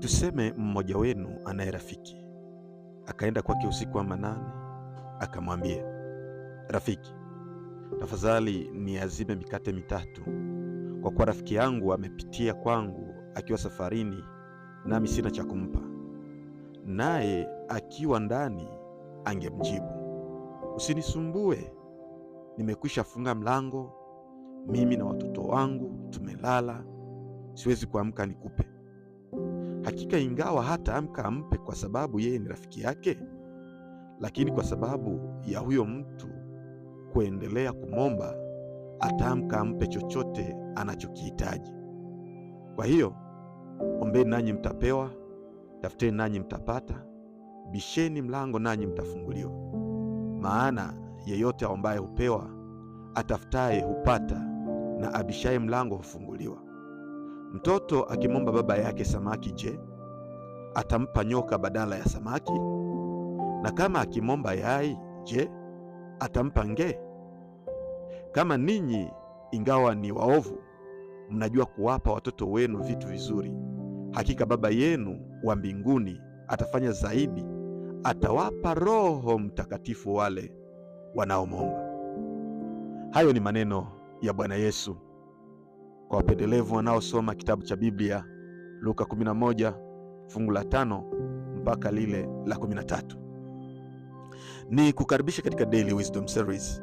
Tuseme mmoja wenu anaye rafiki akaenda kwake usiku wa manane, akamwambia rafiki, tafadhali niazime mikate mitatu, kwa kuwa rafiki yangu amepitia kwangu akiwa safarini, nami sina cha kumpa. Naye akiwa ndani angemjibu, usinisumbue, nimekwisha funga mlango, mimi na watoto wangu tumelala, siwezi kuamka nikupe. Hakika ingawa hata amka ampe kwa sababu yeye ni rafiki yake, lakini kwa sababu ya huyo mtu kuendelea kumwomba, ataamka ampe chochote anachokihitaji. Kwa hiyo ombeni nanyi mtapewa, tafuteni nanyi mtapata, bisheni mlango nanyi mtafunguliwa. Maana yeyote aombaye hupewa, atafutaye hupata, na abishaye mlango hufunguliwa. Mtoto akimwomba baba yake samaki, je, atampa nyoka badala ya samaki? Na kama akimwomba yai, je, atampa nge? Kama ninyi ingawa ni waovu mnajua kuwapa watoto wenu vitu vizuri, hakika Baba yenu wa mbinguni atafanya zaidi, atawapa Roho Mtakatifu wale wanaomwomba. Hayo ni maneno ya Bwana Yesu kwa wapendelevu wanaosoma kitabu cha Biblia Luka 11 fungu la tano mpaka lile la 13. Ni kukaribisha katika Daily Wisdom Series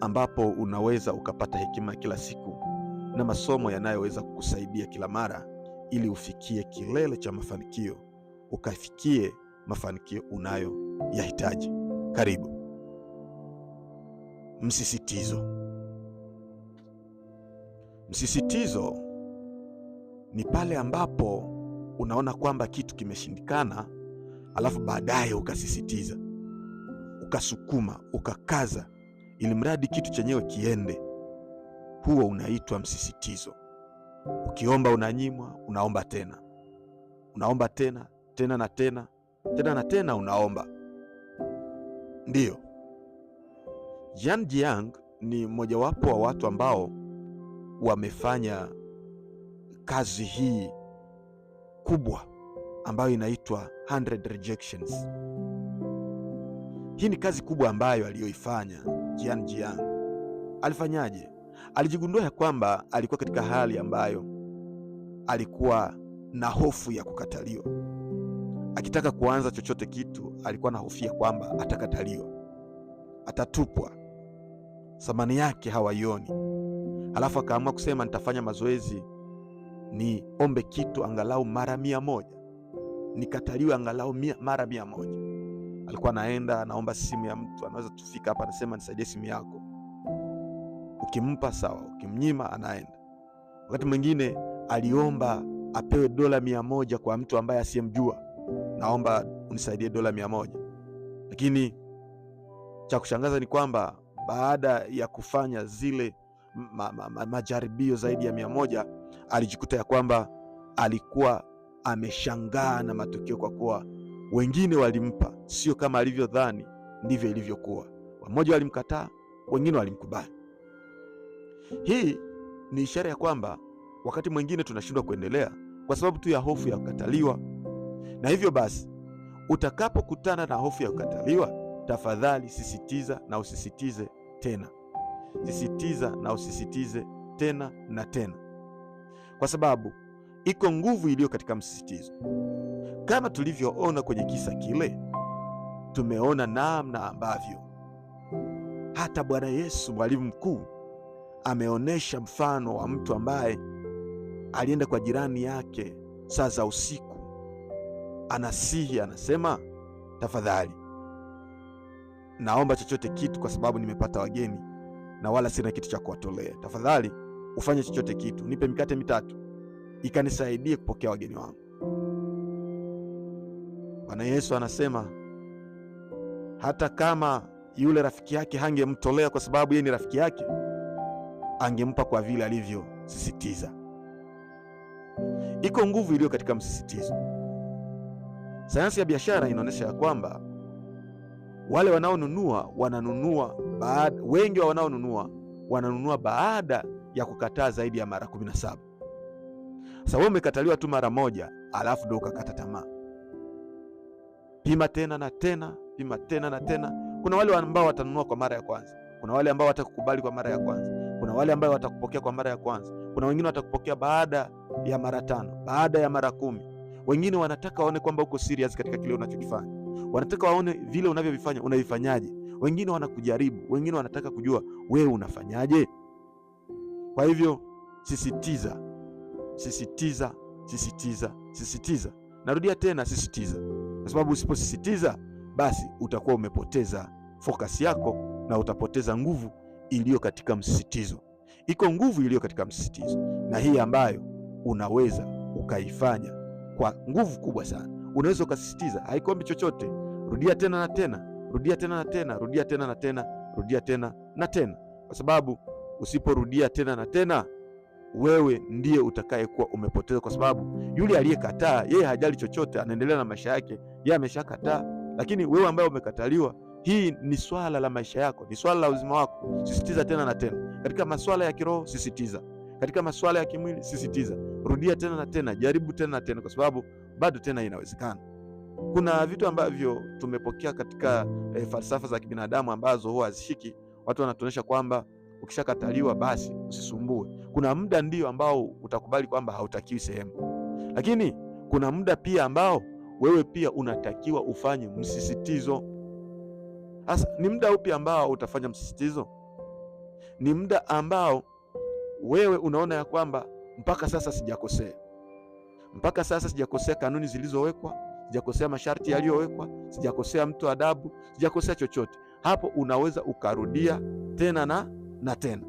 ambapo unaweza ukapata hekima kila siku na masomo yanayoweza kukusaidia kila mara ili ufikie kilele cha mafanikio, ukafikie mafanikio unayo yahitaji. Karibu. Msisitizo Msisitizo ni pale ambapo unaona kwamba kitu kimeshindikana, alafu baadaye ukasisitiza, ukasukuma, ukakaza, ili mradi kitu chenyewe kiende. Huo unaitwa msisitizo. Ukiomba unanyimwa, unaomba tena, unaomba tena tena na tena tena na tena, unaomba. Ndiyo, Jan Jiang ni mmojawapo wa watu ambao wamefanya kazi hii kubwa ambayo inaitwa 100 rejections. Hii ni kazi kubwa ambayo aliyoifanya Jian Jian. Alifanyaje? Alijigundua ya kwamba alikuwa katika hali ambayo alikuwa na hofu ya kukataliwa. Akitaka kuanza chochote kitu, alikuwa na hofia kwamba atakataliwa, atatupwa, thamani yake hawaioni. Alafu akaamua kusema nitafanya mazoezi niombe kitu angalau mara mia moja nikataliwe angalau mia, mara mia moja. Alikuwa anaenda anaomba simu ya mtu, anaweza tufika hapa, anasema nisaidie simu yako. Ukimpa sawa, ukimnyima anaenda. Wakati mwingine aliomba apewe dola mia moja kwa mtu ambaye asiyemjua, naomba unisaidie dola mia moja. Lakini cha kushangaza ni kwamba baada ya kufanya zile ma, ma, ma, majaribio zaidi ya mia moja, alijikuta ya kwamba alikuwa ameshangaa na matokeo, kwa kuwa wengine walimpa, sio kama alivyodhani ndivyo ilivyokuwa. Wamoja walimkataa, wengine walimkubali. Hii ni ishara ya kwamba wakati mwingine tunashindwa kuendelea kwa sababu tu ya hofu ya kukataliwa. Na hivyo basi, utakapokutana na hofu ya kukataliwa, tafadhali sisitiza na usisitize tena sisitiza na usisitize tena na tena, kwa sababu iko nguvu iliyo katika msisitizo. Kama tulivyoona kwenye kisa kile, tumeona namna ambavyo hata Bwana Yesu mwalimu mkuu ameonyesha mfano wa mtu ambaye alienda kwa jirani yake saa za usiku, anasihi, anasema, tafadhali naomba chochote kitu, kwa sababu nimepata wageni na wala sina kitu cha kuwatolea. Tafadhali ufanye chochote kitu, nipe mikate mitatu ikanisaidie kupokea wageni wangu. Bwana Yesu anasema hata kama yule rafiki yake hangemtolea kwa sababu yeye ni rafiki yake, angempa kwa vile alivyosisitiza. Iko nguvu iliyo katika msisitizo. Sayansi ya biashara inaonyesha ya kwamba wale wanaonunua wananunua baada, wengi wa wanaonunua wananunua baada ya kukataa zaidi ya mara 17. Sasa wewe umekataliwa tu mara moja, alafu ndio ukakata tamaa. Pima tena na tena, pima tena na tena. Kuna wale ambao watanunua kwa mara ya kwanza, kuna wale ambao watakukubali kwa mara ya kwanza, kuna wale ambao watakupokea kwa mara ya kwanza, kuna wengine watakupokea baada ya mara tano, baada ya mara kumi. Wengine wanataka waone kwamba uko serious katika kile unachokifanya wanataka waone vile unavyovifanya unavifanyaje. Wengine wanakujaribu, wengine wanataka kujua wewe unafanyaje. Kwa hivyo sisitiza, sisitiza, sisitiza, sisitiza. Narudia tena, sisitiza, kwa sababu usiposisitiza basi utakuwa umepoteza fokasi yako na utapoteza nguvu iliyo katika msisitizo. Iko nguvu iliyo katika msisitizo, na hii ambayo unaweza ukaifanya kwa nguvu kubwa sana unaweza ukasisitiza, haikuombi chochote. Rudia tena na tena, rudia tena na tena, rudia tena na tena, rudia tena na tena, kwa sababu usiporudia tena na tena, wewe ndiye utakayekuwa umepoteza, kwa sababu yule aliyekataa, yeye hajali chochote, anaendelea na maisha yake, yeye ameshakataa. Lakini wewe ambaye umekataliwa, hii ni swala la maisha yako, ni swala la uzima wako. Sisitiza tena na tena katika maswala ya kiroho, sisitiza katika maswala ya kimwili, sisitiza, rudia tena na tena, jaribu tena na tena, kwa sababu bado tena inawezekana. Kuna vitu ambavyo tumepokea katika e, falsafa za kibinadamu ambazo huwa hazishiki. Watu wanatuonyesha kwamba ukishakataliwa basi usisumbue. Kuna muda ndio ambao utakubali kwamba hautakiwi sehemu, lakini kuna muda pia ambao wewe pia unatakiwa ufanye msisitizo. Sasa ni muda upi ambao utafanya msisitizo? Ni muda ambao wewe unaona ya kwamba mpaka sasa sijakosea mpaka sasa sijakosea kanuni zilizowekwa, sijakosea masharti yaliyowekwa, sijakosea mtu adabu, sijakosea chochote. Hapo unaweza ukarudia tena na, na tena.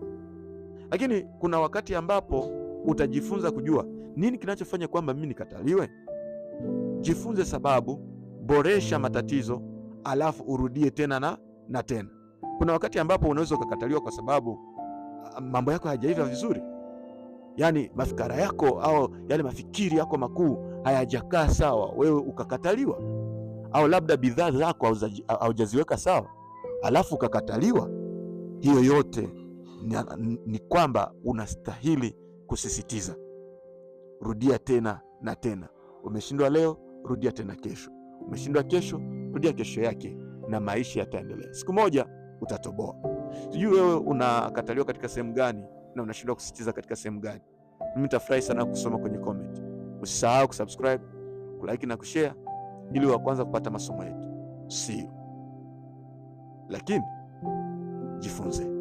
Lakini kuna wakati ambapo utajifunza kujua nini kinachofanya kwamba mimi nikataliwe. Jifunze sababu, boresha matatizo, alafu urudie tena na, na tena. Kuna wakati ambapo unaweza ukakataliwa kwa sababu ah, mambo yako hayajaiva vizuri yani mafikara yako au yale mafikiri yako makuu hayajakaa sawa, wewe ukakataliwa, au labda bidhaa zako haujaziweka sawa, alafu ukakataliwa, hiyo yote ni, ni kwamba unastahili kusisitiza. Rudia tena na tena. Umeshindwa leo, rudia tena kesho. Umeshindwa kesho, rudia kesho yake, na maisha yataendelea. Siku moja utatoboa. Sijui wewe unakataliwa katika sehemu gani? na unashindwa kusitiza katika sehemu gani? Mimi nitafurahi sana kusoma kwenye comment. Usisahau kusubscribe, kulike na kushare ili wa kwanza kupata masomo yetu. See you. Lakini jifunze.